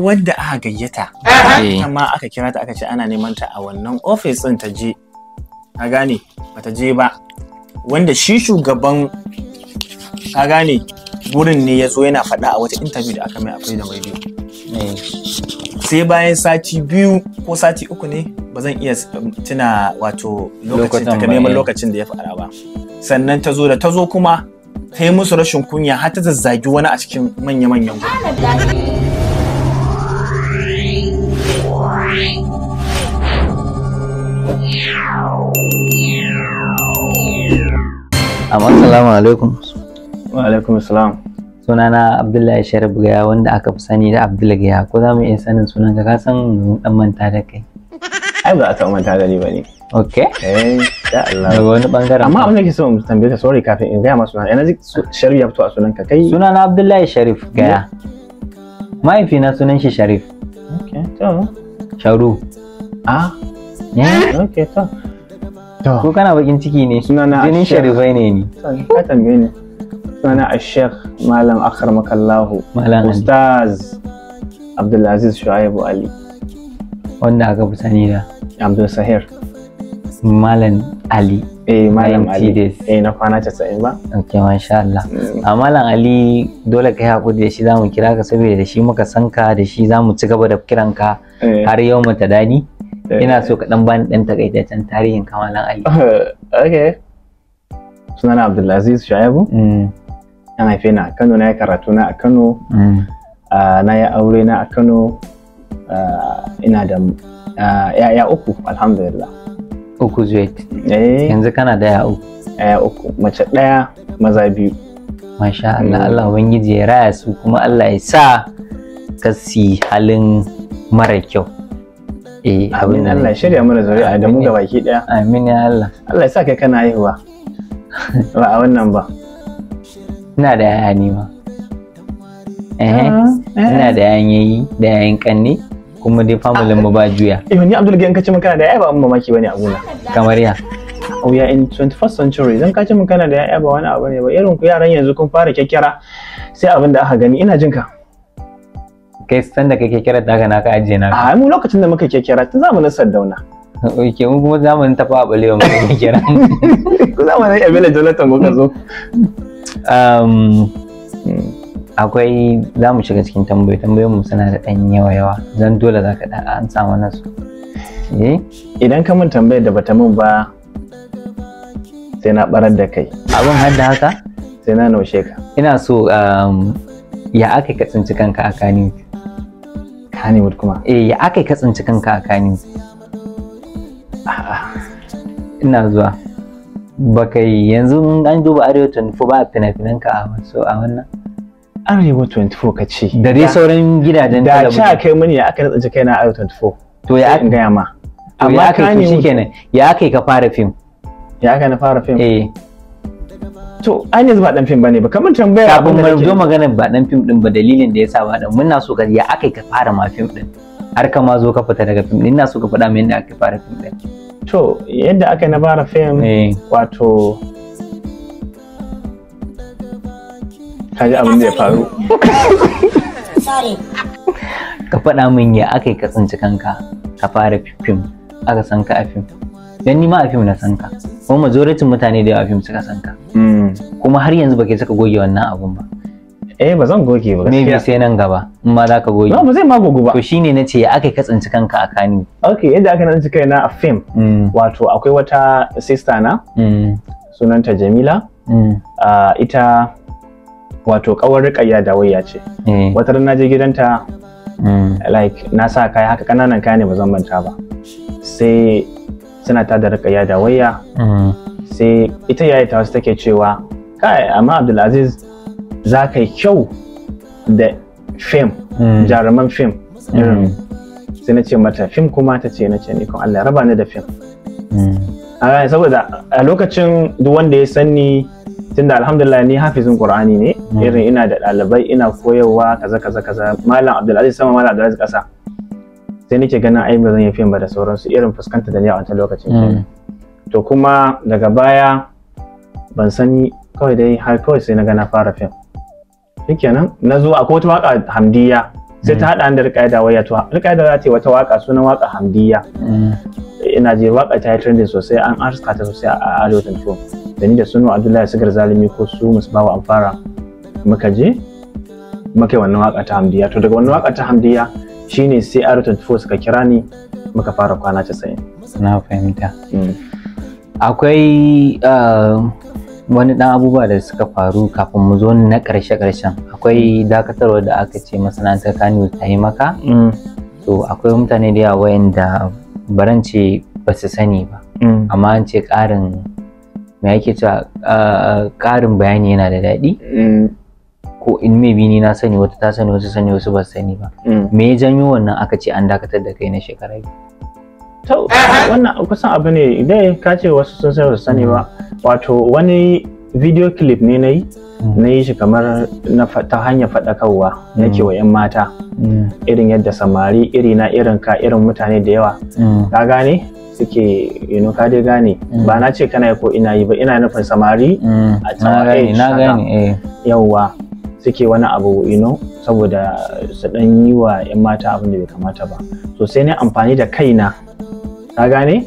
wanda aka gayyata amma aka kira ta aka ce ana neman ta a wannan ofis din ta je ka gane bata je ba wanda shi shugaban ka gane gurin ne ya zo yana faɗa a wata interview da aka mai a freedom radio eh. sai bayan sati biyu ko sati uku ne ba zan iya um, tuna wato lokacin ta neman eh. lokacin da ya faɗa ba sannan ta zo da ta zo kuma ta yi musu rashin kunya har ta zazzagi wani a cikin manya-manyan gurin amma assalamu alaikum wa alaikum assalam sunana abdullahi sharif gaya wanda aka fi sani da abdullahi gaya ko za mu iya sanin sunan ka san dan manta da kai ai ba ta taɓa manta da ni ba ne ok eh da Allah daga wani bangaren amma abin da ke so mu tambaye ka sorry kafin in gaya ma sunana yana ji sharif ya fito a sunan ka kai sunana abdullahi sharif gaya mahaifina sunan shi sharif ok to sharu ah ne eh? ok to ko kana bakin ciki ne sunana jinin sharifai ne ne ka tambaye ni sunana malam akhar makallahu ustaz abdulaziz shu'aibu ali wanda aka fi sani da abdul sahir malam ali eh malam ali eh na kwana sa'in ba okay masha Allah mm. a ah, malam ali dole ka hakuri da shi zamu kira ka saboda da shi muka san ka da shi zamu ci gaba da kiran ka eh. har yau mata dani Eh. ina so ka dan bani dan takaitaccen tarihin kamalan ali okay sunan abdulaziz shaibu mm. Na haife na a kano na ya karatu na a kano mm. na ya aure na a kano ina da Ya uku alhamdulillah uku zuwait eh. yanzu kana da ya uku Ya uku mace ɗaya maza biyu masha Allah mm. Allah ubangiji ya raya su kuma Allah ya sa ka si halin mara kyau eh abin Allah shirya mana zuri'a a damu ga baki daya amin ya Allah Allah ya sa kai kana haihuwa ba a wannan ba ina da yaya ne ma ah, eh ina da yayan yayi da yayan kanni kuma dai family mu ba juya eh ni Abdul ga in kace mun kana da yaya ba mun mamaki bane a gona kamar ya we are in 21st century zan kace mun kana da yaya ba wani abu ne ba irin ku yaran yanzu kun fara kyakkyara sai abin da aka gani ina jinka kai san da kake kira daga naka ajiye na a mu lokacin da muka kekera tun zamanin Sardauna Oke, mun kuma zamanin tafa a balewa mu kekera. Ku zamanin Emele Jonathan ka zo. akwai za mu shiga cikin tambayoyi tambayoyin mu suna da ɗan yawa yawa zan dole za ka an samu nasu eh? idan ka mun tambayar da bata mun ba sai na barar da kai abin har da haka sai na naushe ka ina so ya aka ka tsinci kanka a kani kaniwood kuma eh ya aka ka tsinci kanka a kani ina zuwa ba yi yanzu an duba arewa 24 ba a fina-finan ka a so a wannan arewa 24 ka ce da dai sauran gidajen da a kai mini ya aka tsinci na arewa 24 to ya aka gaya ma amma kaniwood ya aka ka fara fim ya aka na fara fim eh to ai yanzu ba dan fim bane ba kamar tambaya abin da zo magana ba dan fim din ba dalilin da yasa ba dan muna so ka ya akai ka fara ma fim din har ka ma zo ka fita daga fim din ina so ka faɗa min yadda aka fara fim din to yadda aka na fara fim eh. wato kaji abin da ya faru ka faɗa min ya akai ka tsinci kanka ka fara fim aka san ka a fim dan ni ma a fim na san ka kuma majoritin mutane da yawa a fim suka san ka hmm. kuma har yanzu ke saka goge wannan abun ba eh ba zan goge ba Me bi sai nan gaba in ma za ka goge ba ba zai ma gogo ba to shine nace ya aka katsanci kanka a kani okay yadda aka nanci kaina a fim hmm. wato akwai wata sister na hmm. sunanta Jamila ita wato kawar rikayya da wayya ce eh. wata ran naje gidanta like na sa kai haka kananan kaya ne ba zan manta ba sai suna ta da rikaya da waya mm. sai ita yaya ta wasu take cewa kai amma abdulaziz za ka yi kyau da fim mm. jaruman fim mm. sai na ce mata fim kuma ta ce na ce ni Allah raba ni da fim a saboda a lokacin duk wanda ya sani da alhamdulillah ni hafizin qur'ani ne irin ina da ɗalibai ina koyarwa kaza kaza kaza malam abdulaziz sama malam abdulaziz kasa sai nake ganin ai ba zan yi fim ba da sauransu irin fuskanta da ni a wancan lokacin hmm. to kuma daga baya ban sani kawai dai har kawai sai na gana fara fim shikenan na zo akwai wata waka hamdiya sai ta hmm. haɗa da Rikaida waya to Rikaida za ta yi wata waka sunan waka hamdiya hmm. ina je waka ta yi trending sosai an arska ta sosai a arewacin to da ni da sunu abdullahi sigar zalimi ko su musbawa fara muka je muka yi wannan waka ta hamdiya to daga wannan waka ta hamdiya shine sai R24 suka kira ni muka fara kwana casa'in na fahimta hmm. akwai uh, wani dan abubuwa da suka faru kafin mu zo na karshe karshen akwai dakatarwa da aka ce masana'antar kano ta yi maka hmm. to akwai mutane da yawa wayanda barance ba su sani ba hmm. amma an ce karin me yake cewa karin uh, bayani yana da daɗi ko in maybe ni na sani wata ta sani wasu sani wasu ba sani ba mm. me ya janyo wannan aka ce an dakatar da kai na shekara biyu wannan kusan abu ne idan ka ce wasu sun sani wasu sani ba wato wani video clip ne na yi mm. na yi shi kamar ta hanyar faɗakarwa na mm. wa 'yan mata irin yadda samari iri na irin ka irin mutane da yawa ka gane suke yano ka dai gane ba na ce kana ko ina yi ba ina nufin samari a na suke wani abu you know saboda su dan yi wa 'yan mata abin da bai kamata ba so sai ne amfani da kaina ka gane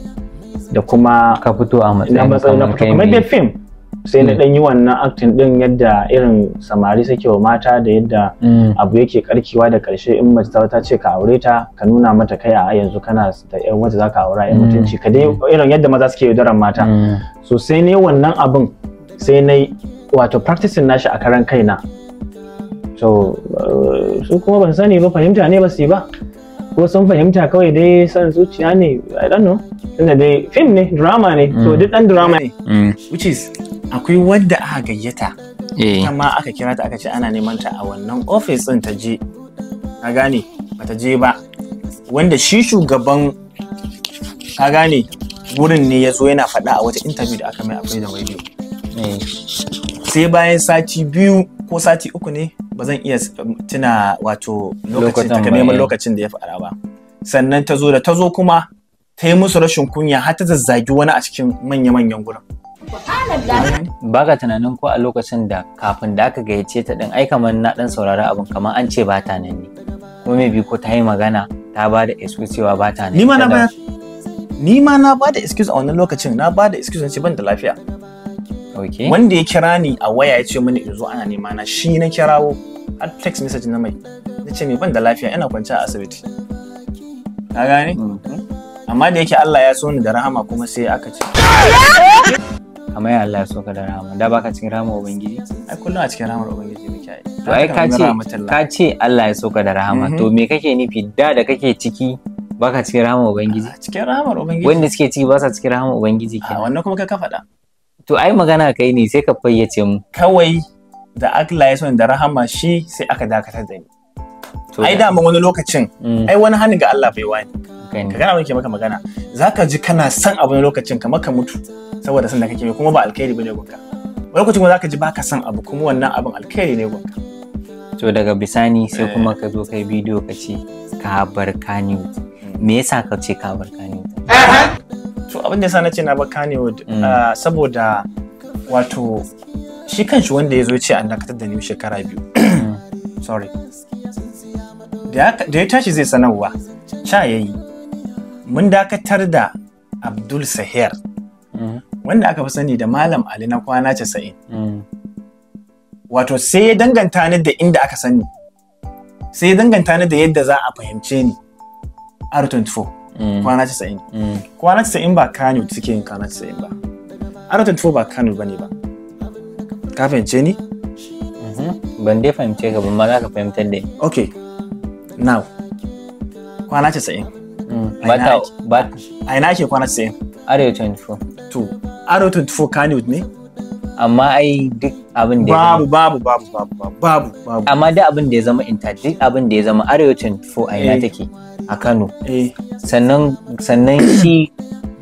da kuma ka fito a matsayin na fito kamar da film sai na dan mm. yi wannan acting din yadda irin samari suke wa mata da yadda mm. abu yake karkewa da karshe in mace ta ta ce ka aure ta ka nuna mata kai a yanzu kana da yan wata zaka aura yan mm. mutunci ka dai irin yadda maza suke yaudaran mata so sai ne wannan abin sai na wato practicing nashi a karan kaina Uh, su kuma ban sani ba fahimta ne ba su yi ba ko sun fahimta kawai dai san zuciya ne i don't know dai film ne drama ne to mm. duk dan drama ne mm. which is akwai wadda aka gayyata eh. amma aka kira ta aka ce ana neman ta a wannan office ɗin ta je ka gane bata je ba wanda shi shugaban ka gane wurin ne ya zo yana faɗa a wata interview da aka mai a da biyu. Eh. sai bayan sati biyu ko sati uku ne ba zan iya um, tuna wato lokacin neman lokacin da ya fi ba sannan ta zo da ta zo kuma ta yi musu rashin kunya har ta zazzagi wani a cikin manya-manyan gurin ba ka tunanin ko a lokacin da kafin da aka gayyace ta din ai kamar na dan saurari abin kamar an ce ba ta nan ne me bi ko ta yi magana ta ba da excuse cewa ba ta nan ni ma na ba ni ma na ba da excuse a wannan lokacin na ba da excuse ce ban da lafiya wanda ya kira ni a waya ya ce mini in zo ana nema na shi na kirawo har text message na mai na ce mai ban da lafiya ina kwance a asibiti ka gane mhm. amma da yake Allah ya so ni da rahama kuma sai aka ce amma ya Allah ya so ka da rahama da baka cikin rahama ubangiji ai kullum a cikin rahama ubangiji muke ai to ai ka ce ka ce Allah ya so ka da rahama mhm. to me kake nufi da da kake ciki baka cikin rahama ubangiji cikin rahama ubangiji wanda suke ciki ba sa cikin rahama ubangiji kenan wannan kuma ka ka faɗa To ai magana kai ne sai ka fayyace mu. Kawai da Allah ya son da rahama shi sai aka dakatar da ni. Ai da wani lokacin, mm. ai wani hannu ga Allah bai wani. Ka gana wani ke maka magana, za ka ji kana son abu na lokacin kamar ka mutu saboda san da kake kuma ba alkhairi bane gonka Wani lokacin kuma za ka ji baka son abu kuma wannan abin alkhairi ne gonka To daga bisani sai eh. kuma ka zo kai bidiyo ka ce ka barkani me yasa ka ce ka bar kani to abin da yasa na ce na bar Kannywood mm. ah, saboda wato shi kanshi wanda ya zo ce an dakatar da ni shekara biyu mm. sorry da ya tashi zai sanarwa sha ya yi, mun dakatar da Abdul Sahir mm. wanda aka fi sani da Malam Ali na kwana casa'in. wato sai ya danganta ni da inda aka sani sai ya danganta ni da yadda za a fahimce ni R24 mm. kwana 90 mm. kwana 90 ba kano suke yin kwana 90 ba R24 ba kano ba ne ba ka fahimce ni? Mm-hmm. ban dai fahimce ka ban ma za ka fahimtar da ok now kwana 90 mm. ba ta a ina ke kwana 90 r 24 to r 24 kano ne amma ai duk abin da babu babu babu babu babu babu amma duk abin da ya zama inta duk abin da ya zama arewacin 24 a ina eh. take a Kano eh. sannan sannan shi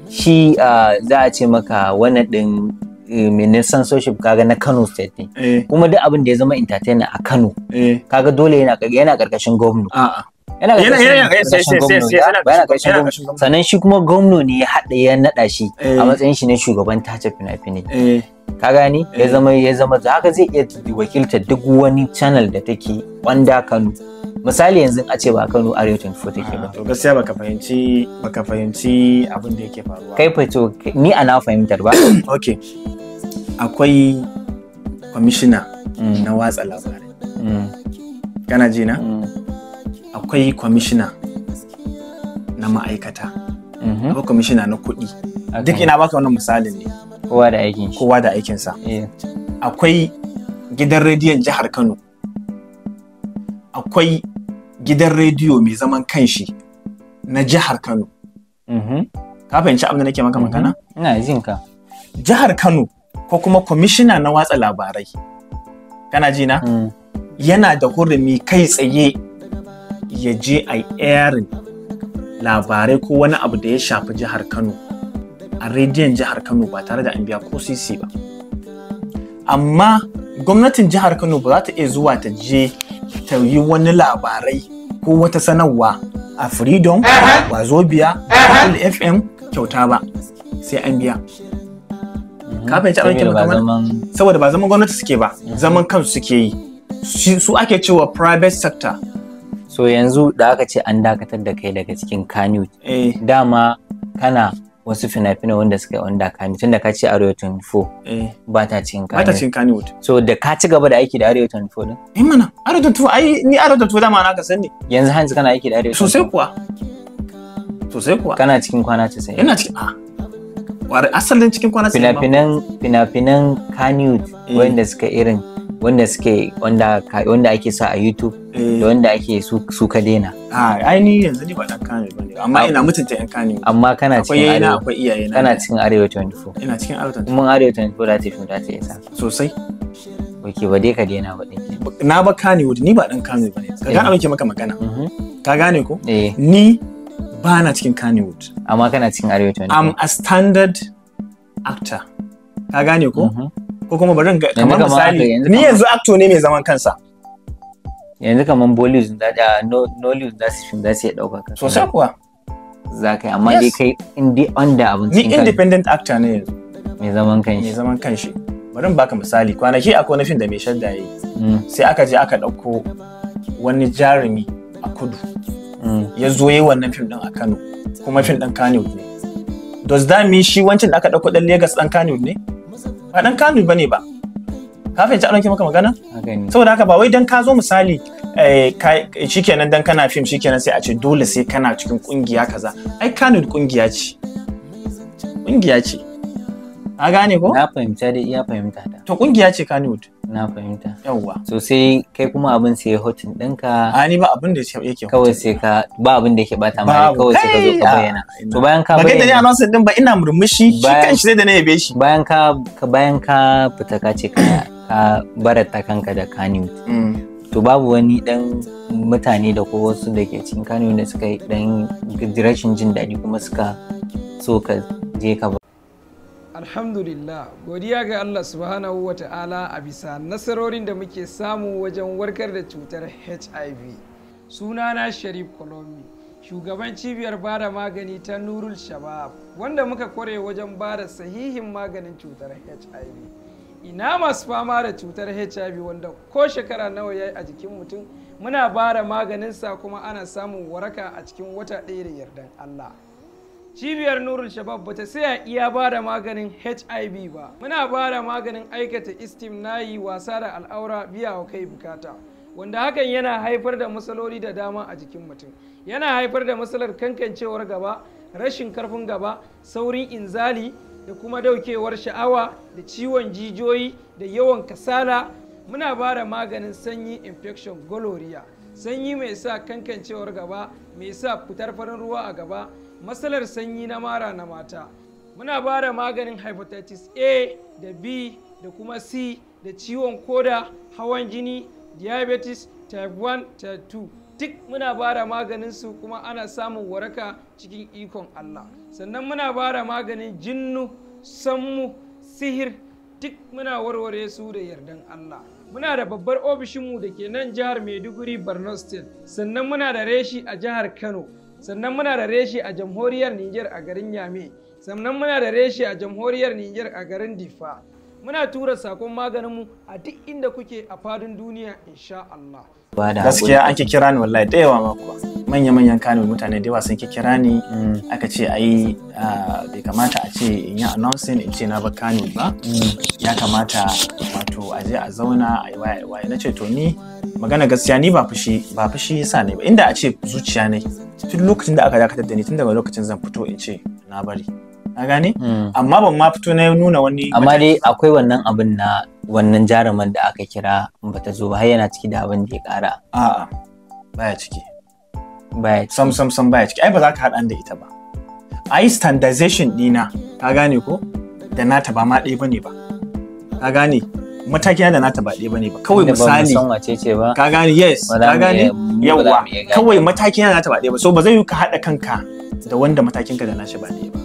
shi ah, za a ce maka wannan din eh, ministan social kaga na Kano state ne kuma duk abin da ya zama entertainer a Kano kaga dole yana yana karkashin gwamnati yana sannan shi kuma gwamno ne ya haɗa ya naɗa shi a eh. matsayin shi na shugaban tace fina-finai eh. ka gani ya eh. zama ya zama haka zai iya wakilta duk wani channel da take wanda Kano misali yanzu a ce ba Kano rio 24 take ba ah, to gaskiya baka fahimci baka fahimci abin da yake faruwa kai to ni na fahimtar ba okay akwai kwamishina mm. na watsa labarai mm. kana ji na mm. akwai kwamishina na ma'aikata mhm. akwai kwamishina na kuɗi duk ina baka wannan misali ne kowa da aikin kowa da aikinsa eh. akwai gidan rediyon jihar kano akwai gidan rediyo mai zaman kanshi na jihar kano mhm. ka fahimci abin da nake maka mhm. magana ina jin ka jihar kano ko kuma kwamishina na watsa labarai kana ji na mm. yana da hurumi kai tsaye ya je a airing labarai ko wani abu da ya shafi jihar kano a rediyon jihar kano ba tare da an biya ko cc ba amma gwamnatin jihar kano ba za ta iya zuwa ta je ta yi wani labarai ko wata sanarwa a freedom wazobia fm kyauta ba sai an biya mhm. ka fahimci abin ke saboda ba zaman gwamnati suke ba mhm. zaman kansu suke yi su ake cewa private sector so yanzu da aka ce an dakatar da kai daga cikin kanu eh. dama kana wasu fina fina wanda suka yi wanda kanu da ka ce arewa 24 eh. ba ta cikin kanu ba ta cikin kanu so da ka ci gaba da aiki da arewa 24 din eh mana arewa 24 ai ni arewa 24 dama na ka sani yanzu hanzu kana aiki da arewa sosai kuwa sosai kuwa kana cikin kwana sai. ina cikin a ah. asalin cikin kwana 90 fina-finan fina-finan kanu eh. wanda suka irin wanda suke wanda wanda ake sa a YouTube eh. da wanda ake su ka dena. ai ni yanzu ni ba dan kane ba ne amma ina mutunta yan kane. Amma kana cikin arewa. Akwai iyaye na Kana cikin arewa 24. Ina cikin arewa 24. Mun arewa 24 da ta fi da ta isa. Sosai. wake ba dai ka dena ba ɗin. Na ba kane wuri ni ba dan kane ba ne. Ka gane eh. abin ke maka magana. Mhm. Ka gane ko? Eh. Ni ba na cikin Kannywood. Amma kana cikin Arewa 24. I'm a standard actor. Ka gane ko? Mhm. ko kuma barin kamar misali ni yanzu acto ne mai zaman kansa yanzu kamar bollywood da ah, nollywood da su za su dauka ɗauka so sai kuwa za kai, amma dai kai indi under abun ni independent actor ne yanzu mai zaman kanshi mai zaman kanshi bari in baka misali kwanaki akwai na fim da mai shadda yi mm. sai aka je aka ɗauko wani jarumi a kudu mm. ya zo yi wannan fim din a Kano kuma fim din Kano ne does that mean shi wancan da aka ɗauko ɗan Lagos ɗan Kano ne ba dan kanu bane ba ka fahimci an maka magana saboda haka ba wai dan ka zo misali eh, shikenan dan kana fim shikenan sai a ce dole sai kana cikin kungiya kaza ai kanu kungiya ce kungiya ce a gane ko na fahimta dai iya fahimta ta to kungiya ce kanu na fahimta yawwa so sai kai kuma abin sai hotin ɗinka a ni ba abin da yake kawai sai ka ba abin da yake bata ma kawai sai ka zo ka bayyana to bayan ka bayyana ba kai da ni announce din ba ina murmushi shi kanshi sai da na yabe shi bayan ka bayan ka fita ka ce ka bara ta kanka da Kanye mm. to babu wani dan mutane da ko wasu da ke cikin Kano da suka yi dan direction jin daɗi kuma suka so ka je ka alhamdulillah godiya ga allah subhanahu wa ta'ala a bisa nasarorin da muke samu wajen warkar da cutar hiv sunana sharif kolomi shugaban cibiyar bada magani ta nurul shabab wanda muka kware wajen bada sahihin maganin cutar hiv ina masu fama da cutar hiv wanda ko shekara nawa ya a jikin mutum muna bada maganinsa kuma ana samun waraka a cikin wata ɗaya da yardan allah cibiyar nurul shabab ba ta saya iya ba da maganin hiv ba muna ba da maganin aikata istim yi wasa da al'aura biya wa kai bukata wanda hakan yana haifar da matsaloli da dama a jikin mutum yana haifar da matsalar kankancewar gaba rashin karfin gaba saurin inzali da kuma daukewar sha'awa da ciwon jijiyoyi da yawan kasala muna ba da maganin sanyi infection goloria sanyi mai sa kankancewar gaba mai sa fitar farin ruwa a gaba matsalar sanyi na mara na mata muna ba da maganin hepatitis a da b da kuma c da ciwon koda hawan jini diabetes type 1 type 2 duk muna ba da su kuma ana samun waraka cikin ikon allah sannan muna ba da maganin jinnu sammu sihir duk muna warware su da yardan allah muna da babbar ofishinmu da ke nan jihar maiduguri borno state sannan muna da reshi a jihar kano sannan muna da reshe a jamhuriyar Nijar a garin Yame sannan muna da reshe a jamhuriyar Nijar a garin Difa muna tura sakon maganinmu a duk inda kuke a fadin duniya insha Allah gaskiya an ki kira ni wallahi da yawa makuwa manya-manyan kano mutane da yawa sun ki kira ni mm. aka ce ai bai kamata a ce in yi announcing in ce na ba kano mm. ba ya kamata wato a je a zauna a yi waya-waya. na ce to ni magana gaskiya ni ba fushi ba fushi yasa ne ba inda a ce zuciya ne tun lokacin da aka dakatar da ni tun daga lokacin zan fito in ce na bari ka gane hmm. amma ban ma fito na nuna wani amma dai akwai wannan abin na wannan jaruman da aka kira bata zo ba har yana ciki da abin da ya kara a'a baya ciki baya sam sam sam baya ciki ai ba za ka hada da ita ba ai standardization dina ka gane ko da nata ba ma ɗaya bane ba ka gane Matakiya da nata ba ɗaya bane ba kawai misali ka gane yes ka gane yawa kawai matakiya da nata ba ɗaya ba so ba zai yi ka haɗa kanka da wanda matakin ka da nashi ba ɗaya ba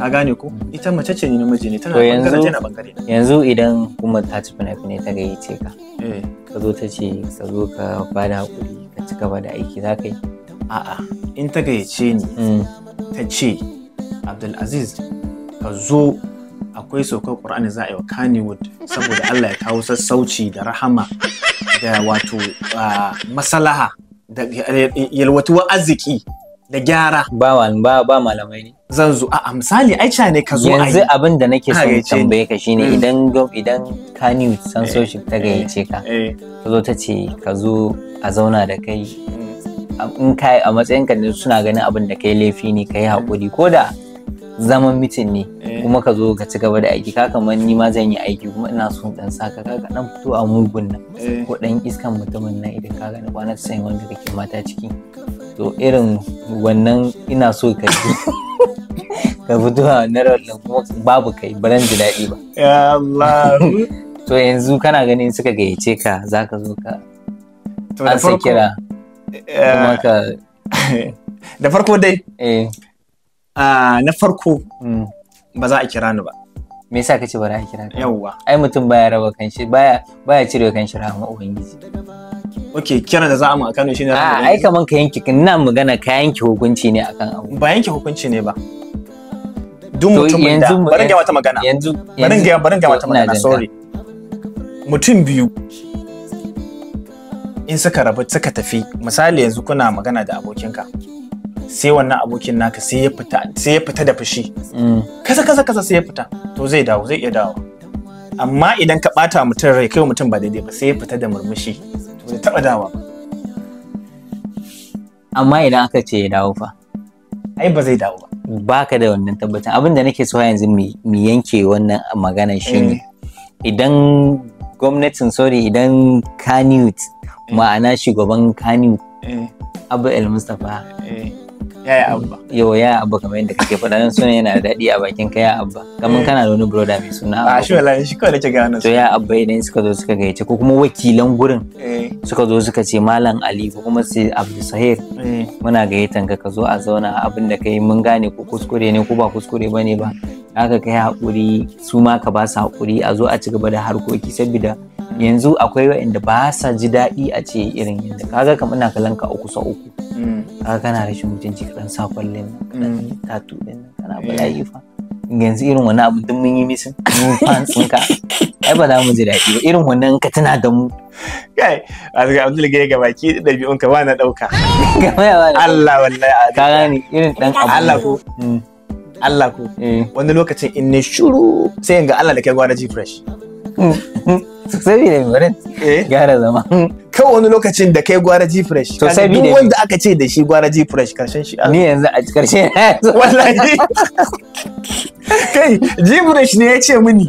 ka gane ko ita mace ce ni namiji ne tana bangare tana bangare yanzu idan kuma ta ci fina-finai ta ce ka eh. ka zo ta ce ka zo ka bada hakuri ka ci gaba da aiki za ka yi a'a in ta gayyace ni mm. ta ce Abdulaziz ka zo akwai saukar ƙur'ani za a yi wa Kannywood saboda Allah ya kawo sassauci da rahama da wato masalaha da wa arziki da gyara ba ba malamai ne zan zo a misali aicha ne ka zo yanzu abin da nake son tambaye ka shine mm. idan idan Kannywood censorship eh, ta gayyace eh, ka ka eh. zo ta ce ka zo a zauna da kai mm. in kai a matsayin ka suna ganin abin da kai laifi ne kai hakuri ko da zaman mitin ne kuma ka zo ka ci gaba da aiki ka kamar ni ma zan yi aiki kuma ina son dan saka ka dan fito a mugun nan eh. ko dan iskan mutumin nan idan ka gani kwana sai wanda kake mata ciki to irin wannan ina so ka ji ka fito a wannan rawar kuma babu kai baran ji daɗi ba ya Allah to yanzu kana ganin suka gayyace ka zaka zo ka an da kira kuma ka da farko dai eh. ah, na farko mm. ba za a kira ni ba me yasa kace ba za a kira ni? yawwa ai mutum baya raba kanshi baya baya cire kanshi rahama ubangiji Ok, kira da za a mu a Kano shine rahama ai kaman ka yanke ina magana ka yanke hukunci ne akan abu ba yanke hukunci ne ba duk mutumin da barin ga wata magana yanzu barin ga barin ga wata magana sorry mutum biyu in suka rabu suka tafi misali yanzu kuna magana da abokinka sai wannan abokin naka sai ya fita sai ya fita da fushi mm. kasa kasa kasa sai ya fita to zai dawo zai iya dawo amma idan ka bata mutum rai kai mutum ba daidai ba sai ya fita da murmushi to zai taba dawa amma idan aka ce ya dawo fa ai ba zai dawo ba baka da wannan tabbatar. Abinda nake so yanzu mu yanke wannan magana shine eh. idan gwamnatin sorry idan kanute eh. ma'ana shugaban kanute eh. abu el mustapha yaya abba yo yaya abba kamar yadda kake faɗa nan suna yana da daɗi a bakin ka yaya abba kamar eh. kana da wani broda mai suna ah, a shi wallahi shi kawai nake gano to yaya abba idan suka zo suka gayyace ko kuma wakilan gurin eh. suka zo suka ce malam ali ko kuma sai abdu sahir eh. muna gayyatan ka ka zo a zauna abin da kai mun gane ko kuskure ne ko ba kuskure bane ba haka kai haƙuri su ma ka ba su haƙuri a zo a ci gaba da harkoki saboda yanzu akwai wa'inda ba sa ji daɗi a ce irin yadda kaga kamar ina kallon ka uku sau mm. uku kaga kana rashin mutunci kaɗan sa kwallon kaɗan mm. tatu ɗin kana eh. bala'i fa yanzu irin wani abu duk mun yi misin mun fans ka ai ba za mu ji daɗi ba irin wannan ka tana da mu kai azga abdul ki ga baki ɗabi'un ka ba na ɗauka Allah wallahi ka gani irin ɗan abu Allah ko mm. Allah ko eh. wani lokacin in ne shuru sai in ga Allah da kai gwada ji fresh saboda birin eh? gyara zama kan wani lokacin da kai gwara ji fresh to sai duk wanda aka ce da shi gwara ji fresh karshen shi ni yanzu a karshe wallahi kai ji fresh ne ya ce mini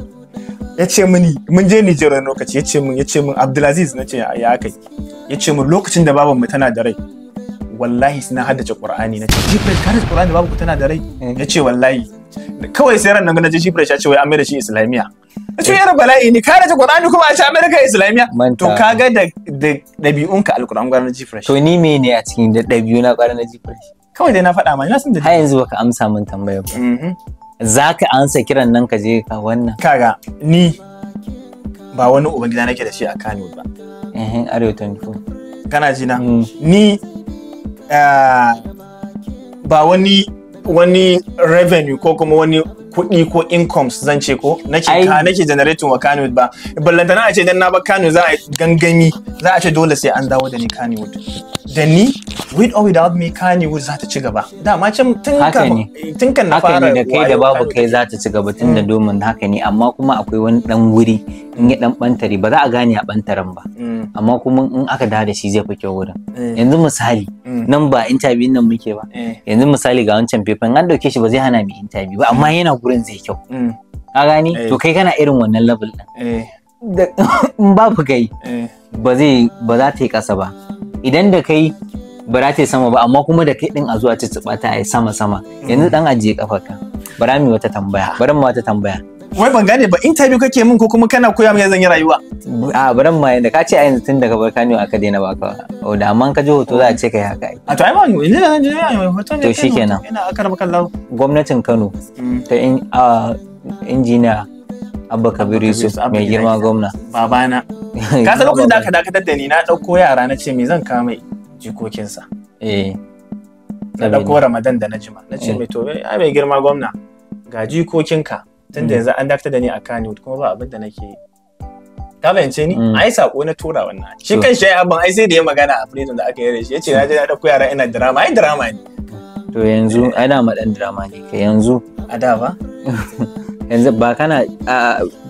ya ce mini mun je Nijar wani lokaci ya ce min ya ce min Abdulaziz na ce ya kai. ya ce min lokacin da baban mu tana da rai wallahi suna haddace Qur'ani na ce ji fresh ka haddace Qur'ani babu ku tana da rai eh. ya ce wallahi kawai sai ran nan na ji fresh ya ce wai an mai da shi Islamiya tuyar bala'i ne ka rage qur'ani kuma a ci america islamiya to kaga da ɗabi'unka alquran ji fresh to ni me ne a cikin da ɗabi'u na ji fresh kawai dai na faɗa ma na san da har yanzu baka amsa min tambaya ba mhm. za ka ansa kiran nan ka je ka wannan kaga ni ba wani ubangida nake da shi a Kano ba eh arewa 24 kana ji na mm. ni eh, ba wani wani revenue ko kuma wani kuɗi ko incomes zan ce ko nake ka nake generating wa Kano ba ballantana a ce dan na ba Kano za a gangami za a ce dole sai an dawo da ni Kano da ni with or without me Kano za ta ci gaba dama can tun kan tun kan na fara haka ne da kai da babu kai za ta ci gaba tun da mm. domin haka ne amma kuma akwai wani dan wuri in ya dan bantare ba za a gane a bantaren ba mm. amma kuma in aka dawo da shi zai fi kyau wurin eh. yanzu misali mm. nan ba interview nan muke ba eh. yanzu misali ga wancan fefen an dauke shi ba zai hana mu interview ba amma yana gurin zai kyau mm. ka gani eh. to kai kana irin wannan level ɗin. Eh. in babu kai eh. ba zai ba za ta yi ƙasa ba idan da kai ba za ta yi sama ba amma kuma da kai ɗin a zuwa ta ta yi sama sama yanzu dan mm. ajiye kafarka bara mi wata tambaya wata tambaya wai ban gane ba interview kake min ko kuma kana koya min zan yi rayuwa a baran ma yanda ka ce a yanzu tun daga barkaniyo aka daina ka o da amma ka ji hoto za a ce kai haka a to ai ma ne ne je hoto ne to shikenan ina aka raba kallo. gwamnatin Kano mm. ta injiniya Abba Kabiru Yusuf mai girma gwamna babana ka san lokacin da aka dakatar da ni na dauko yara na ce me zan kawo mai jikokinsa eh na dauko Ramadan da na jima na ce eh. mai to ai mai girma gwamna ga jikokinka tunda mm. yanzu an dakatar da ni a kanewood kuma ba abin da nake yi ka fahimce ni mm. ai sako na tura wannan shi kan shi abin ai sai da ya magana a freedom da aka yi da shi yace na je na dauko yara ina drama ai drama ne to yanzu eh. ana maɗan madan drama ne ka yanzu a da ba yanzu ba kana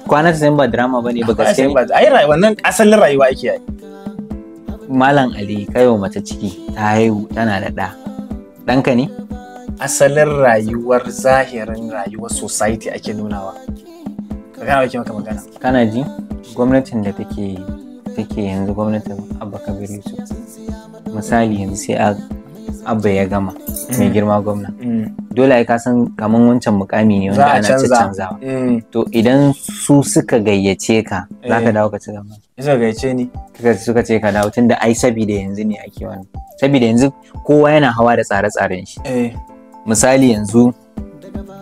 kwana ta ba drama bane ba gaskiya ba ai rayuwa nan asalin rayuwa ake yi malam ali kayo mata ciki ta haihu tana da ɗa, ɗanka ne asalin rayuwar zahirin rayuwar society ake nunawa ka gana wake maka magana kana ji gwamnatin da take take yanzu gwamnatin abba kabir yusuf misali yanzu sai abba ya gama mai mm. girma gwamna mm. dole ai ka san kaman wancan mukami ne wanda ana canzawa mm. to idan su suka gayyace ka za ka eh. dawo ka ci gaba suka gayyace ni suka ce ka dawo tunda ai sabida yanzu ne ake wani sabida yanzu kowa yana hawa da tsare-tsaren shi eh. misali yanzu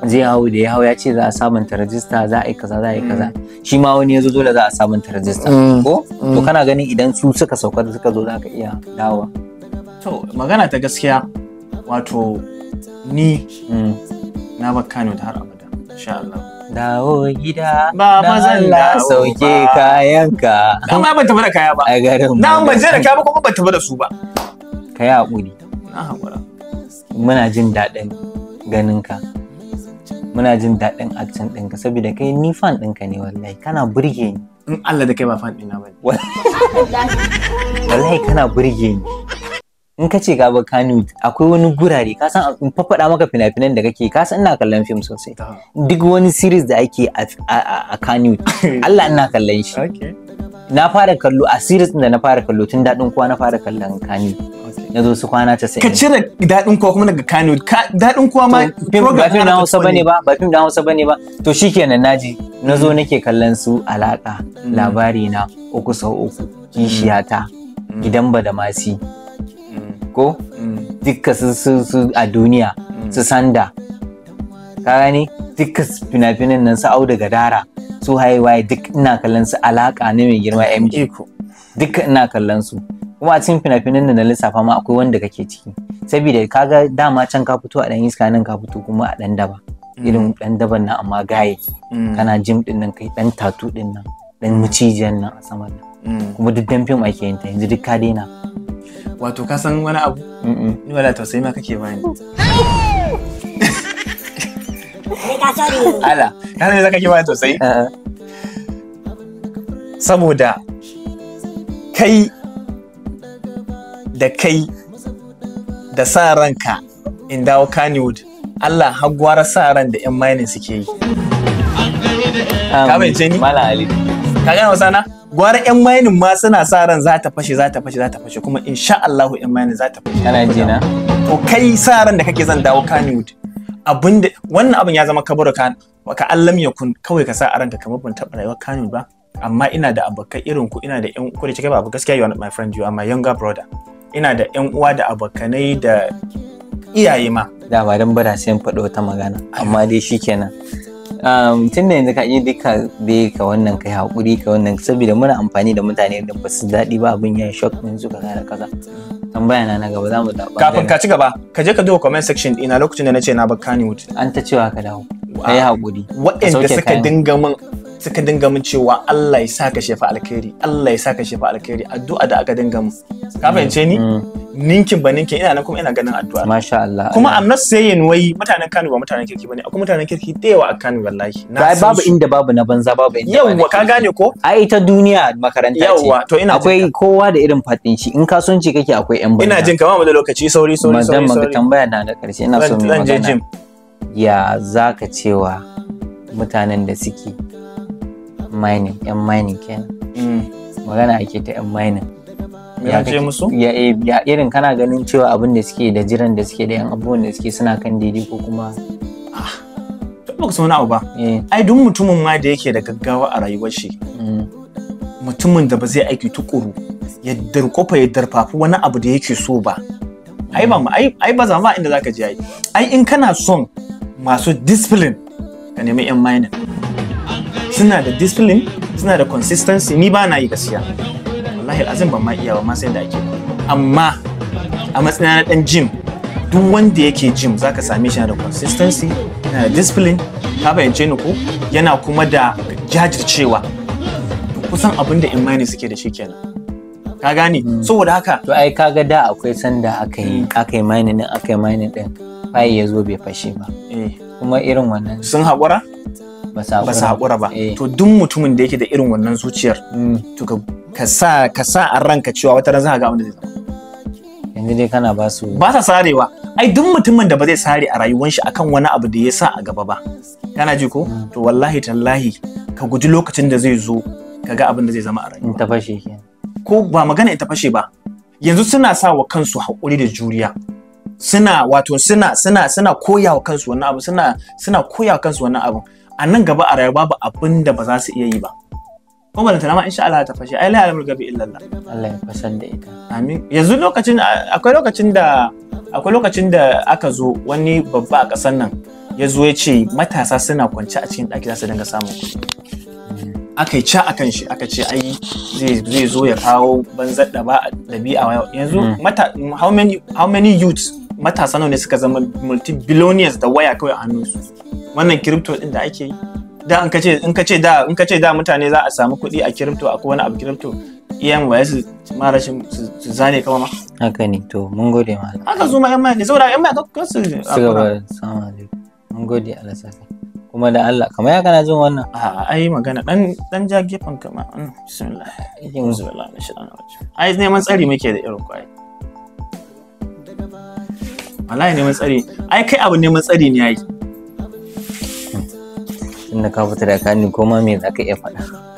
zai hau da ya hau ya ce za a sabunta rajista za a yi kaza za a yi kaza mm. shi ma wani ya zo dole za a sabunta rajista mm. ko to mm. kana ganin idan su suka sauka suka zo za ka iya dawa to magana ta gaskiya wato ni na baka ne da har abada insha Allah dawo gida ba ma zan da sauke kayanka amma ban tafi da kaya ba a garin na ban je da kaya ba kuma ban tafi da su ba kaya hakuri na hakura muna jin daɗin ganinka muna jin daɗin action ɗinka saboda kai ni fan ɗinka ne wallahi kana burge ni in Allah da kai ba fan ɗina bane wallahi kana burge ni in ka ce gaba kanu akwai wani gurare ka san in faɗa maka fina-finan da kake ka san ina kallon fim sosai duk wani series da ake a kanu Allah ina kallon shi na fara kallo a series da na fara kallo tun daɗin kuwa na fara kallon kanu ya zo su kwana ta sai ka cire daɗin kuwa kuma daga Kano daɗin kuwa ma ba fim na Hausa bane ba ba fim na Hausa bane ba to shikenan naji na zo mm. nake kallon su alaka mm. labari na uku sau uku kishiyata mm. gidan ba da ko dukka su a duniya su sanda ka gani dukkan fina-finan nan su au daga dara su haiwaye duk ina kallon su alaka ne mai girma mg duk ina kallon su kuma a cikin fina-finan da na lissafa ma akwai wanda kake ciki saboda kaga dama can ka fito a dan iska nan ka fito kuma a dan daba mm. irin dan daban nan amma gaye mm. kana jim din nan kai dan tatu din nan dan mucijiyan nan a saman nan mm. kuma duk dan fim ake yin ta yanzu duk ka daina wato ka san wani abu ni wala tausayi ma kake bani ala san ne zaka ke bani tausayi eh, eh. saboda kai da kai da sa ranka in dawo Kannywood Allah hagwara sa ran da 'yan mining suke yi. Ka jini Mala Ali. Ka gano sana Gwara 'yan mining ma suna sa ran za ta fashe za ta fashe za ta fashe kuma insha Allahu 'yan mining za ta fashe. Kana ji na? To kai sa ran da kake zan dawo Kannywood. abinda wannan abin ya zama kabar ka ka allam ya kun kawai ka sa a ranka kamar ban taɓa rayuwar Kannywood ba. Amma ina da abokai irin ku ina da 'yan ku da kike ba gaskiya you are my friend you are my younger brother. ina da yan uwa da abokanai da iyaye ma ba dan bara sai faɗo ta magana amma dai shikenan um, tun da yanzu ka yi duka dai ka wannan kai haƙuri ka wannan saboda muna amfani da mutane da ba su daɗi ba abin ya shock ɗin su kaza da kaza tambaya na na gaba za mu taɓa kafin ka ci gaba ka je ka duba comment section ɗina lokacin da na ce na bar Kannywood an ta cewa ka dawo ka yi haƙuri waɗanda suka dinga min suka dinga min cewa Allah ya sa ka shefa alkhairi Allah ya sa ka shefa alkhairi addu'a da aka dinga min ka mm, fahimce ni mm. ninkin ba ninkin ina nan kuma ina ganin addu'a masha Allah kuma I'm not saying wai mutanen Kano ba mutanen kirki bane akwai mutanen kirki da yawa a Kano wallahi na babu inda babu na banza babu inda yawa ka gane ko ai ita duniya makaranta ce yawa to ina akwai kowa da irin fadin shi in kasuwanci kake akwai yan banza ina jin kamar mu da lokaci sauri sauri sauri sauri tambaya na da karshe ina so mu magana ya zaka cewa mutanen da suke mining yan mining kenan mm. magana ake ta yan mining ya ce musu eh, ya irin kana ganin cewa abin da suke da jiran da suke da yan abubuwan da suke suna kan daidai ko kuma ah, ba su wani abu ba eh. ai duk mutumin ma da yake da gaggawa a rayuwar shi mm. mutumin da ba zai aiki tukuru ya darkofa ya darfafi wani abu da yake so ba ai ba ai ba zama inda zaka je ai ai in kana son masu discipline ka nemi yan mining suna da discipline suna da consistency ni ba na yi gaskiya wallahi azin ban ma iya ba ma sai da ake amma a matsayin na dan gym duk wanda yake gym zaka same shi da consistency yana da discipline ka bayyance ni ko yana kuma da jajircewa kusan abin da imani suke da shi kenan ka gane hmm. saboda haka to ai ga da akwai sanda aka yi hmm. aka yi mining din aka yi mining din fa ya bai fashe ba eh. kuma irin wannan sun haƙura ba sa haƙura ba eh. to duk mutumin da yake da irin wannan zuciyar mm. to ka sa ka sa a ranka cewa wata ran za ka ga abin da zai zama yanzu dai kana ba su ba sa sarewa ai duk mutumin da ba zai sare a rayuwar shi akan wani abu da ya sa a gaba ba kana ji ko mm. to wallahi tallahi ka guji lokacin da zai zo ka ga abin da zai zama a rayuwa ta fashe ko ba magana ita fashe ba yanzu suna sa wa kansu haƙuri da juriya suna wato suna suna suna koya wa kansu wannan abu suna suna koya wa kansu wannan abu a nan gaba a rayuwa babu abin da ba za su iya yi ba kuma da ma insha Allah ta fashe ai la gabi Allah ya fasar da ita amin yanzu lokacin akwai lokacin da akwai lokacin da aka zo wani babba a ƙasar nan ya zo ya ce matasa suna kwance a cikin ɗaki za su dinga samun kuɗi aka yi ca a kan shi aka ce ai zai zo ya kawo banzar da ba ɗabi'a yanzu hmm. how many how many youths matasa ne suka zama multi billionaires da waya kawai a su? wannan crypto din da ake yi da in kace in kace da in kace da mutane za a samu kuɗi a crypto a wani abu crypto iyan waye su mara shi su zane kama ma haka ne to mun gode ma haka zuma ma yan mai ne saboda yan mai ka su su gaba salamu mun gode Allah saka kuma da Allah kamar ya kana jin wannan a ai magana dan dan ja gefen kama mm, bismillah yin bismillah na shi dan ai neman tsari muke da irin kwai wallahi neman tsari ai kai abu neman tsari ne yake. na ka fita da kani ko ma me za ka iya faɗa